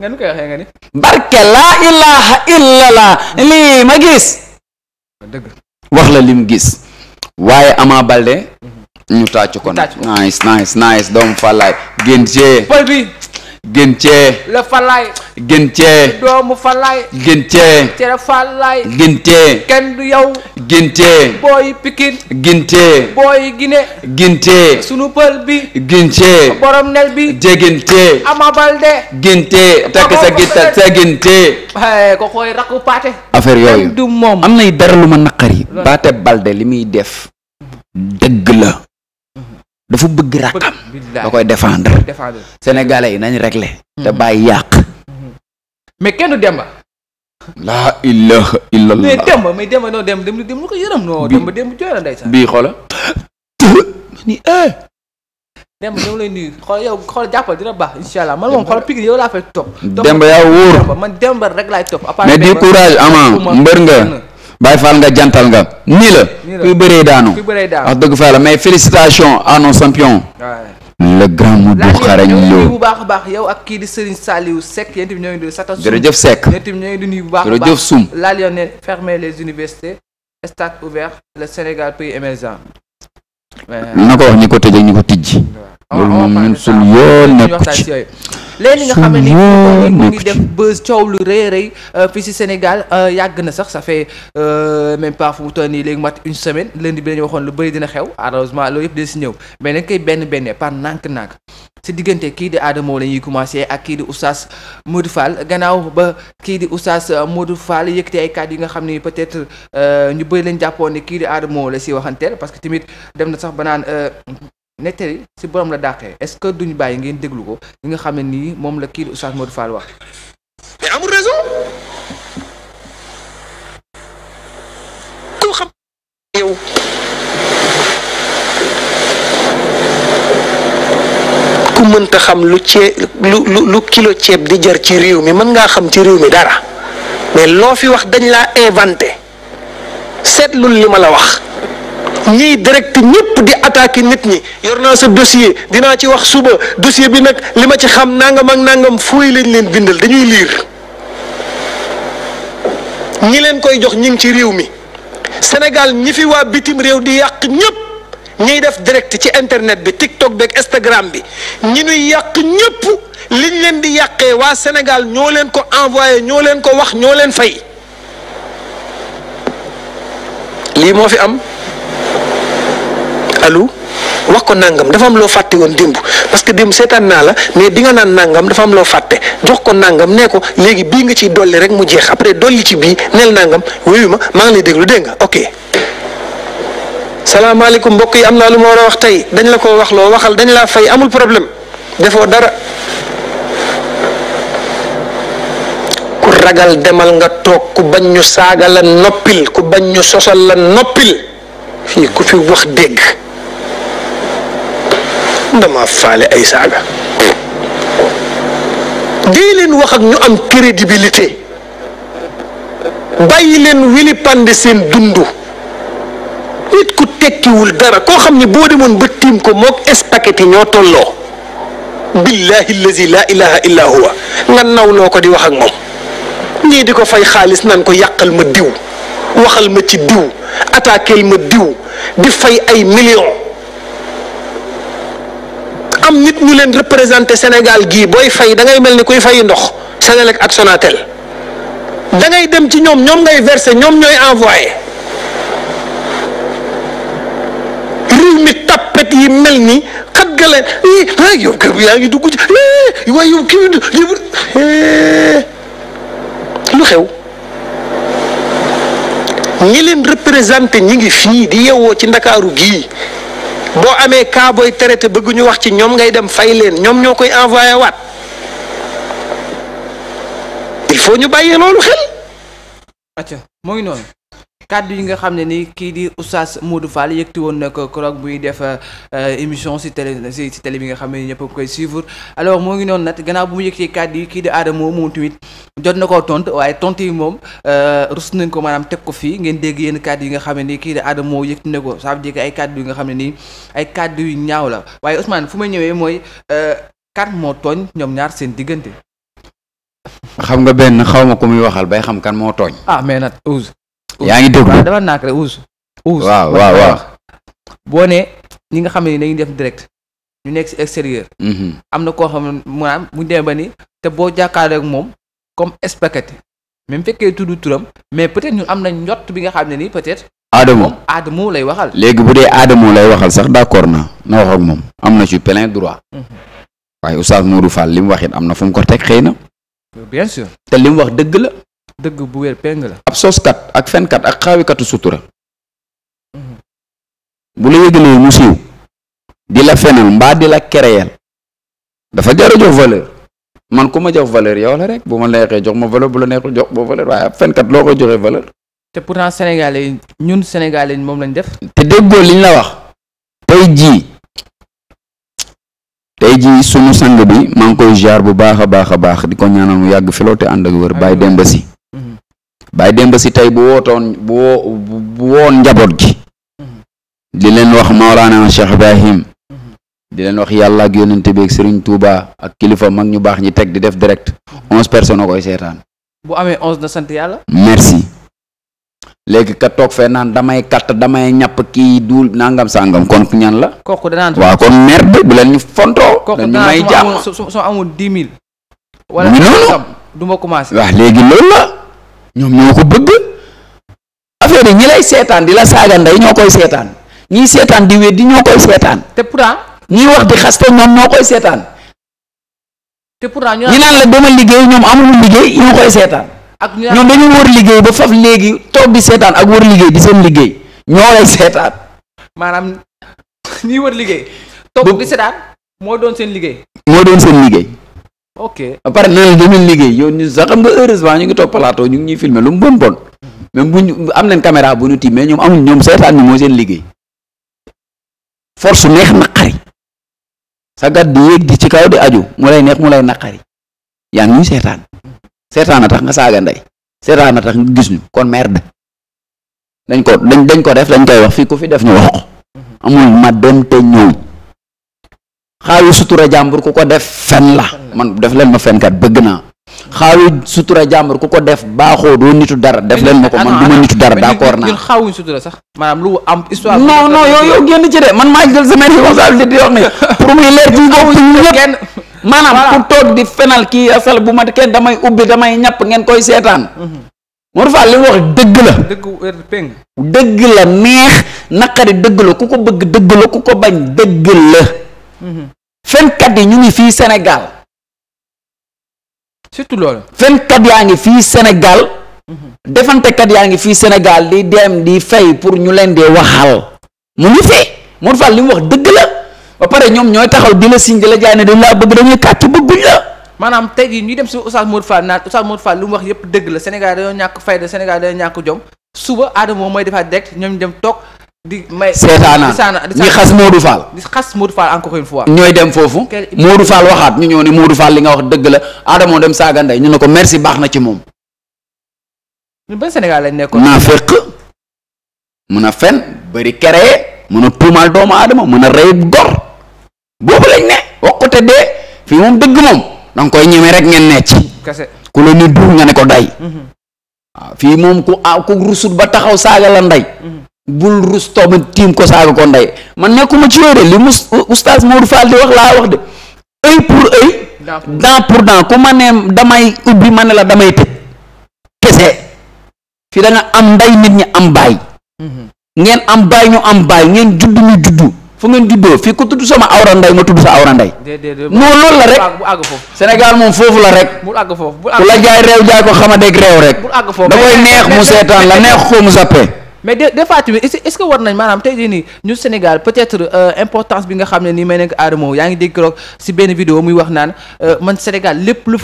nga nu koy barke laa ilaha illallah lii ma gis. wax la lim gis waaye Ama Balde. Mhm. ñu tàcc ko nag nice nice doomu Fallaye gën cee. pël bi kenn du yow. gintee booy pikin gintee booy gine gintee sunu pël bi gintee borom nel bi jegintee Ama Baldé gintee takk sa gita sa yooyu du moom am nay dara lu ma naqari baate Baldé li muy def dëgg dafa bëgg rakkam da koy défendre sénégalais yi nañ réglé mm-hmm. te bàyyi laa ilaha illallah mais Demba mais Demba noo dem dem dem lu ko yërëm noo. bii Demba dem jooy la ndeysaan bii eh. yow xool jàppal baax incha allah man moom xool Pikine yow laa fay topp. Demba yaa wóor man Demba rek laay topp. mais di courage Ama mbër nga. Baye Fall nga jantal nga. nii la kuy bëree daanu. wax dëgg fa mais félicitations à nos le grand Modou xarañ loo bu baax a baax yow ak kii di Serigne Saliou Seck yéen tamit ñoo ngi nuyu Sata Soum jërëjëf Seck yéen tamit ñoo ngi bu baax a baax la Lionel fermer les universités stade ouvert le Sénégal pays émergent na ko wax ñi ko tëj ak ñi ko tijji loolu moom ñun suñu yoon nekku ci léegi nga xam ne mu ngi def buzz coow lu rëy rëy euh, fii si Sénégal euh, yàgg na sax ça fait euh, même pas fu mu toll nii léegi mat une semaine lundi bi dañu waxoon lu bëri dina xew heureusement loolu yëpp dina si ñëw mais nañ benn benn par nànk-nànk si diggante kii di Adamo la ñuy commencé ak kii di oustaz Modou Fall gannaaw ba kii di oustaz Modou Fall yëkkati ay kàddu yi nga xam ni peut-être ñu bëri lañ jàppoon ne kii di Adamo la si waxanteel parce que tamit dem na sax ba naan nettali si borom la dàqee est-ce que duñu bàyyi ngeen déglu ko li nga xam ne nii moom la kii di Oustaz Modou Fall wax. mais amul raison. xam lu cee lu kilo ceeb di jar ci réew mi mën ngaa xam ci réew mi dara mais loo fi wax dañ laa inventé seetlul li ma la wax. ñiy direct ñëpp di attaquer nit ñi yor naa sa dossier dinaa ci wax suba dossier bi nag li ma ci xam nangam ak nangam fooy lañ leen bindal dañuy liir ñi leen koy jox ñi ngi ci réew mi senegal ñi fi waa bitim réew di yàq ñëpp ñiy def direct ci internet bi TikTok beeg Instagram bi ñi nuy yàq ñëpp liñ leen di yàqee waa senegal ñoo leen ko envoyé ñoo leen ko wax ñoo leen fay lii moo fi am. allo wax ko nangam dafa am loo fàtte woon démb parce que démb seetaan naa la mais bi nga naan nangam dafa am loo fàtte jox ko nangam ne ko léegi bii nga ciy dolli rek mu jeex après dolli ci bii neel nangam wuyu ma maa ngi lay déglu dégg nga ok. salaamaaleykum mbokk yi am naa lu ma war a wax tey dañ la ko wax loo waxal dañ laa fay amul problème defoo dara. ku ragal demal nga toog ku bañ ñu saaga la noppil ku sosal la noppil fii ku fi wax dégg. dama faale ay saaga dee leen wax ak ñu am crédibilité bàyyi leen wili seen dund nit ku tekkiwul dara koo xam ne boo demoon ba tiim ko moog yi ñoo tolloo billahi allazi laa ilaha huwa nga nawloo ko di wax ak moom ñii di ko fay xaalis nañ ko yàqal ma diw waxal ma ci diw attaquel ma diw di fay ay millions am nit ñu leen représenté Sénégal gii booy fay dangay mel ni kuy fay ndox Sénélec ak Sonatel da ngay dem ci ñoom ñoom ngay versé ñoom ñooy envoyé réew mi tappet yi mel ni xat i eh, eh, yow kër yaa ngi eh, lu xew ñi leen représenté ñi ngi fii di yeewoo ci ndakaaru gii boo amee cas booy traité bëgguñu wax ci ñoom ngay dem fay leen ñoom ñoo koy envoyé waat il faut ñu bàyyee loolu xel. acca mooy noonu. kàddu yi nga xam ne nii kii di oustaz Modou Fall yëgti woon na ko keroog muy def euh, émission si télé si télé bi nga xam ne ñëpp koy suivre alors moo ngi noonu nat gannaaw bu mu yëgtee kàddu yi kii di Adamo moom tamit jot na koo tont waaye tont yi moom euh, rus nañ ko maanaam teg ko fii ngeen dégg yenn kàddu yi nga xam ne ni kii di Adamo yëgti na ko ça veut dire que ay kàddu yi nga xam ne nii ay kàddu yu ñaaw la waaye Ousmane fu ma ñëwee mooy euh, kan moo tooñ ñoom ñaar seen diggante. xam nga benn xaw ma ko muy waxal bay xam kan moo yaa ngi déglu dafa naak rek uus uus waaw waaw boo ne ñi nga xam ne dañuy def direct ñu nekk si extérieur mm-hmm. am na koo xam ne maanaam mu demee ba ni te boo jàkkaarloo ak moom comme expecté même fekkee tuddu turam mais peut-être ñun am na njot bi nga xam ne nii peut-être aadamu aadamu lay waxal léegi bu dee aada aadamu lay waxal sax d'accord na na wax ak moom am na ci plein droit mm-hmm. waaye Oustaz Modou Fall li mu wax it am na fu ko teg xëy na bien te li wax dëgg la dëgg bu wér peng la. ab soskat ak fenkat ak xaawikatu sutura. bu la yëgalee mu siiw. di la fenal mbaa di la kereyel. dafa jar a jox valeur. man ku ma jox valeur yow la rek bu ma neexee jox ma valeur bu la neexul jox ma valeur waaye ab fenkat loo koy joxee valeur. te pourtant sénégalais yi ñun sénégalais moom lañ def. te déggoo liñ la wax. tey jii. tey jii sunu sang bi maa koy jaar bu baax a baax a baax di ko ñaanal mu yàgg filoo ànd ak wër bàyyi dem si Baye Demba si tey bu wootoon bu woo bu woon njaboot gi mm-hmm. di leen wax Maolana Cheikh Ibrahim mm-hmm. di leen wax yàlla ak yonante bi ak Serigne Touba ak kilifa mag ñu baax ñi teg di def direct mm-hmm. onze personnes koy seetaan. bu amee onze na sant yàlla. merci léegi ka toog fee naan damay katt damay ñàpp kii duul nangam sàngam kon ñan la. kooku danaan waaw kon merde leen ñu fontoo. dañu may jàmm kooku danaan su léegi loolu la. ñoom ñoo ko bëgg affaire yi ñi lay seetaan di la saaga ndey ñoo koy seetaan ñiy seetaan di weddi ñoo koy seetaan. te pourtant ñiy wax di xaste ñoom ñoo koy seetaan. te pourtant ñu naan la dama liggéey ñoom amuñu liggéey ñoo koy seetaan. ak ñoom dañu wër liggéey ba faf léegi toog di seetaan ak wër liggéey di seen liggéey ñoo lay seetaan. maanaam ñiy wër liggéey. toog seetaan moo doon seen liggéey. moo doon seen liggéey. ok ba pare na liggéey yow ñu sax xam nga heureusement ñu ngi toog plateau ñu ngi ñuy filmer lu mu bon bon même bu ñu am nañ caméra bu ñu tiimee ñoom amuñ ñoom seetaan ni mooy seen liggéey force neex naqari sa gat di yéeg di ci kaw di aju mu lay neex mu lay naqari yaa ngi ñuy seetaan seetaan a tax nga saaga ndey seetaan a tax nga gis ñu kon merde dañ ko dañ dañ ko def dañ koy wax fii ku fi def ñu wax mhm. amul ma dem te xaawi sutura jàmbur ku ko def fen la man def leen ma fenkat bëgg naa xaawi sutura jàmbur ku ko def baaxoo doo nitu dara def leen ma ko man du ma nitu dara d'accord naa ñun xaawuñ sutura sax maanaam lu am histoire non non yow yow génn ci de man maa jël sama responsabilité di wax ne pour muy leer ci ñëpp maanaam ku toog di fenal kii asal bu ma kenn damay ubbi damay ñàpp ngeen koy seetaan Mor Fall li mu wax dëgg la dëgg la neex naqari dëgg la ku ko bëgg dëgg la ku ko bañ dëgg la fenkat yi ñu ngi fii senegal surtout lool fenkat yaa ngi fii Sénégal. defantekat yaa ngi fii senegal di dem di fay pour ñu leen di waxal. mu ngi fi Modou Fall li mu wax dëgg la ba pare ñoom ñooy taxaw di la siñ di la jaay ne dañ laa bëgg dañuy kàcc bëgguñ la. maanaam tey jii ñuy dem si Oustaz Modou Fall naan Oustaz Modou Fall lu mu wax yëpp dëgg la Sénégal dañoo ñàkk fayda Sénégal dañoo ñàkk jom suba Adamo mooy defaat direct ñoom ñu dem toog di may seetaanaa di xas Modou Fall. di xas Modou Fall encore une fois. ñooy dem foofu Modou Fall waxaat ñu ñëw ne Modou li nga wax dëgg la Adamo dem saaga ndey ñu ne ko merci baax na ci moom. ba Sénégal lañ nekkoon. naa fekk mën a fen bëri kere mën a tuumaal doomu aadama mun a rey gor boobu lañ ne waxute dee fii moom dëgg moom da koy ñeme rek ngeen necc ku la ni duur nga ne ko day. Mhm. waaw fii moom ku ah ku rusut ba taxaw saaga la ndey. Mhm. bul rus toog ma ko saaga ko ndey man nekkuma ci yooyu de li mu oustaz Modou Fall di wax laa wax de œil pour œil dent pour dent ku ma ne damay ubbi ma ne la damay tëj kese fi da am ndey nit ñi am baay mhm. ngeen am baay ñu am baay ngeen judd ñu juddu fu ngeen juddoo fi ku tudd sama awra ndey ma tudd sa awra ndey moo loolu la rek Sénégal moom foofu la rek ku la jaay réew jaay ko xama dégg réew rek da koy neex mu seetaan la neex ko mu zappee mais des des fois tamit est ce que war nañ maanaam tey jii ñu Sénégal peut être euh, importance bi nga xam ne nii may nekk Adamo yaa ngi dégg keroog si benn vidéo muy wax naan euh, man Sénégal lépp lu